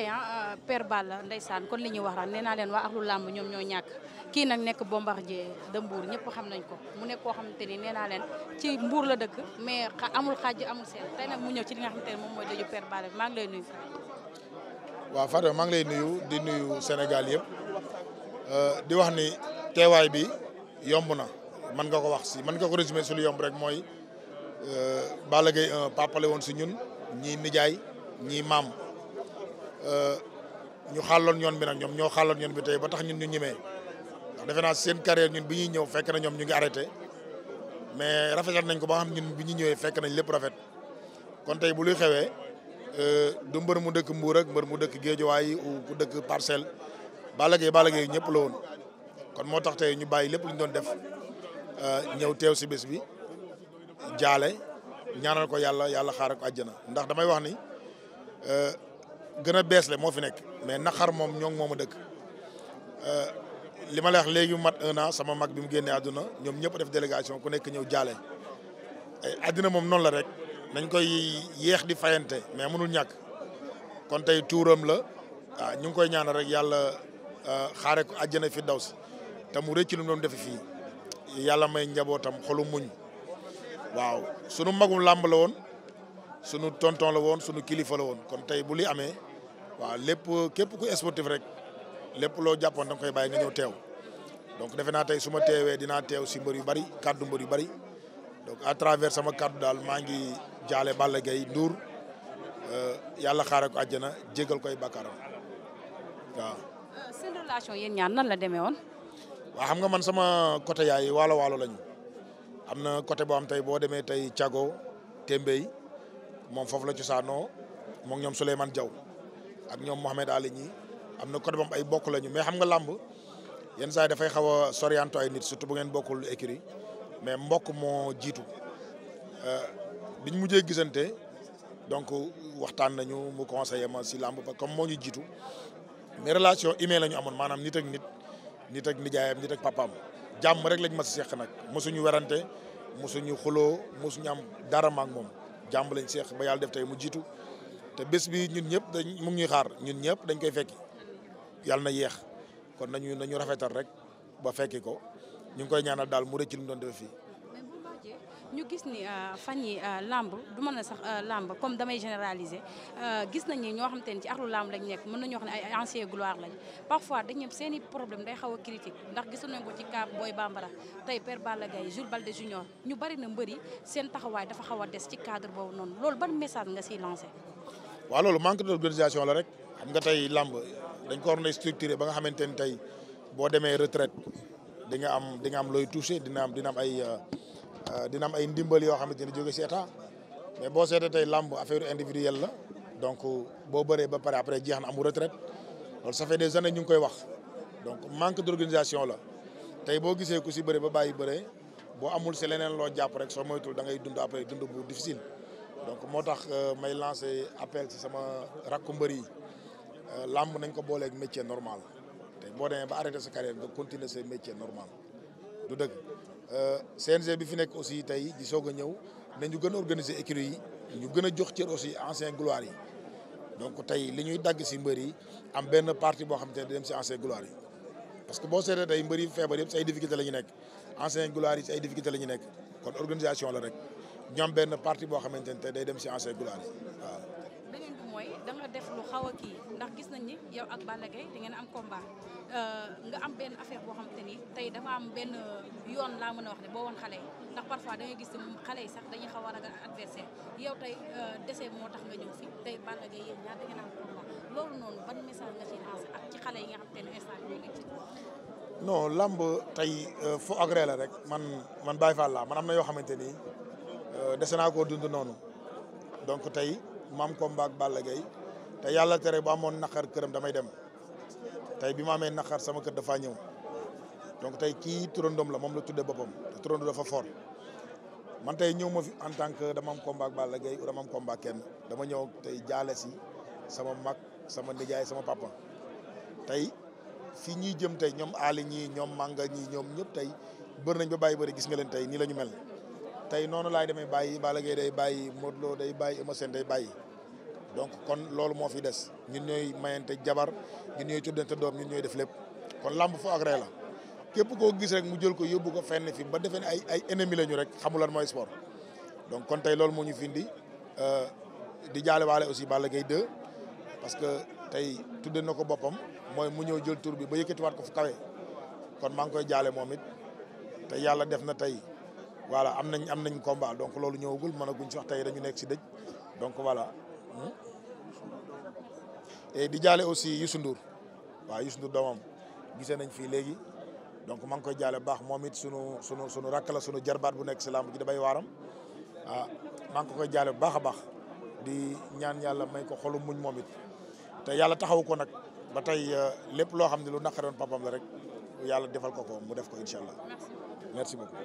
Eh, ah, ah Père Balla ndeysaan kon li ñuy wax rek nee naa leen waa axlu làmb ñoom ñoo ñàkk kii nag nekk Bombardier de Mbour ñëpp xam nañ ko mu nekk koo xamante ni nee naa leen ci Mbour la dëkk mais amul xaaj amul seen tey mu ñëw ci li nga xamante ne moom mooy dëju Père Balla maa ngi lay nuyu. waaw Fatou maa ngi lay nuyu di nuyu Sénégal yëpp euh, di wax ni teewaay bi yomb na mën nga ko wax si mën nga ko résumer si yomb rek mooy euh, Balla Gaye 1 woon si ñun ñi nijaay ñii maam. ñu xàlloon yoon bi nag ñoom ñoo xaaloon yoon bi tey ba tax ñun ñu ñimee ndax defe naa seen carrière ñun bi ñuy ñëw fekk na ñoom ñu ngi arrêté mais rafetal nañ ko ba nga xam ñun bi ñu ñëwee fekk nañ lépp rafet kon tey bu luy xewee euh, du mbër mu dëkk Mbour ak mbër mu dëkk Géejawaay ou ku dëkk Parcelles Balla Gaye Balla Gaye ñëpp la woon kon moo tax tey ñu bàyyi lépp lu ñu doon def euh, ñëw teew si bés bi jaale ñaanal ko yàlla yàlla xaaral ko àjjana ndax damay wax ni. Euh, gën bees le moo fi nekk mais naqar moom ñoom ngi moom a dëkk euh, li ma la wax léegi mat un an sama mag bi mu génnee àdduna ñoom ñëpp def délégation ku nekk ñëw jaale àddina moom noonu la rek nañ koy yéex di fayante mais mënul ñàkk kon tey tuuram la waaw ñu ngi koy ñaanal rek yàlla euh, xaare ko àjjana fi daw si te mu rëcc lu mu defe fii yàlla may njabootam xolu muñ waaw sunu magum làmb la woon sunu tonton la woon sunu kilifa la woon kon tey bu li amee waaw lépp képp ku sportif rek lépp loo jàppoon da koy bàyyi nga ñëw teew donc defe naa tey su ma teewee dinaa teew si mbër yu bari kàddu mbër yu bari donc à travers sama kàddu daal maa ngi jaale Balla Gaye Ndour euh, yàlla xaare ko àjjana jégal koy bàkkaaram waaw. Euh, seen relation yéen ñaan nan la demee woon. waaw xam nga man sama côté yaay waalo waalo lañu am na côté boo xam tey boo demee tey cago Thiago Tembey. moom foofu la cosaanoo moom ñoom Souleymane Diaw ak ñoom Mohamed Ali ñi am na côté boobu ay bokk lañu mais xam nga làmb yenn saa yi dafay xaw a sorianto ay nit surtout bu ngeen bokkul écurie mais mbokk moo jiitu euh, biñ mujjee gisante donc waxtaan nañu mu conseillé si làmb parce comme moo ñu jiitu mais relation humaine la ñu amoon maanaam nit ak nit nit ak nijaayam nit ak papaam jàmm rek lañ ma si seq nag mosuñu werante mosuñu xuloo mosuñu am dara maak moom. jàmb lañ seex ba yàlla def tey mu jiitu te bés bi ñun ñëpp dañ mu ngi ñuy xaar ñun ñëpp dañ koy fekki yàlla na yeex kon nañu nañu rafetal rek ba fekki ko ñu ngi koy ñaanal daal mu rëcc lu mu doon defee fii. ñu gis ni euh, fañ yi euh, làmb du mën a sax euh, làmb comme damay généraliser gis nañ ni ñoo xamante ni ci axlu lamb lañ nekk mën nañu xam ne ay ancien gloire lañ parfois dañ ñëpp seen i problème day xaw a critique ndax gisoon ko ci cas Boy Bambara tey Père Balla Gaye Jules Baldé Junior ñu bari na mbëri seen taxawaay dafa xaw a des ci cadre boobu noonu loolu ban message nga siy lancé waaw loolu manque d'organisation la rek xam nga tey làmb dañ ko waroon a structuré ba nga xamante ni tey boo demee retraite di nga am di am looy touché dina am dina am Euh, dina am ay ndimbali yoo xamante ni jóge si état mais boo seetee tey làmb affaire individuelle la donc boo bëree ba pare après jeex na amul retraite loolu ça fait des années ñu ngi koy wax donc manque d' organisation la tey boo gisee ku si bëri ba bàyyi bëree boo amul si leneen loo jàpp rek soo moytul da ngay dund après dund bu difficile donc moo tax euh, may lancé appel si sama rakku mbër yi euh, làmb nañ ko booleeg métier normal tey boo demee ba arrêté sa carrière nga continuer sa métier normal du dëgg euh, CNG bi fi nekk aussi tey di soog a ñëw nañu gën a organiser écurie yi ñu gën a jox cër aussi ancien gloire yi donc tey li ñuy dagg si mbër yi am benn partie boo xam te ne dem si ancien gloire yi parce que boo seetee tey mbër yi feebar yëpp si ay difficulté la ñu nekk ancien gloire yi si ay difficulté la ñu nekk kon organisation la rek ñu am benn partie boo xamante ne tey day dem si ancien gloire yi mooy da def lu xaw kii ndax gis nañ ni yow ak Balla Gaye da ngeen am combat euh, nga am benn affaire boo xam te ni tey dafa am benn yoon laa mën a wax ne boo woon xale yi ndax euh, message nga ci ak ci xale yi nga xam te ne instant bi nekk tey euh, fo agré la rek man man Baye Fall man am na yoo xamante ni dese naa koo dund noonu donc tey maam am combat ak Balla Gaye te yàlla tere bu amoon naqar këram damay dem tey bi ma amee naqar sama kër dafaa ñëw donc tey kii turandoom la moom la tuddee boppam te turandoo dafa fort man tey ñëw ma fi en tant que dama am combat ak Balla Gaye ou dama kenn dama ñëw tey jaale si sama mag sama nijaay sama papa tey fii ñuy jëm tey ñoom aali ñii ñoom manga ñii ñoom ñëpp tey bër nañ ba bàyyi bari gis nga leen tey nii la ñu mel tey noonu laay demee bàyyi Balla Gaye day bàyyi Modou Lo day bàyyi Eumeu Sène day bàyyi donc kon loolu moo fi des ñun ñooy mayente jabar ñun ñooy te doom ñun ñooy def lépp kon làmb fo agré la képp koo gis rek mu jël ko yóbbu ko fenn fi ba defee ne ay ay ennemis la ñu rek xamul lan mooy sport donc kon tey loolu moo ñu findi euh, di jaale waale aussi Balla gay dë parce que tey tudde na ko boppam mooy mu ñëw jël tur bi ba yëkkatiwaat ko fu kawe kon maa ngi koy jaale moom it te yàlla def na tey wala am nañ am nañ combat donc loolu ñëwagul mën a guñ wax tey dañu nekk si dëj donc Hmm? di jaale aussi Youssou Ndour waaw Youssou Ndour doomam gisee nañ fii léegi donc maa ngi koy jaale baax moom it sunu sunu sunu rakk la sunu jarbaat bu nekk si làmb ji da bay waaram ah maa ngi ko koy jaale bu baax a baax di ñaan yàlla may ko xolu muñ moomit te yàlla taxaw ko nag ba tey eh, lépp loo xam ne lu naqaroon papam la rek yàlla defal ko ko mu def ko incha allah merci beaucoup.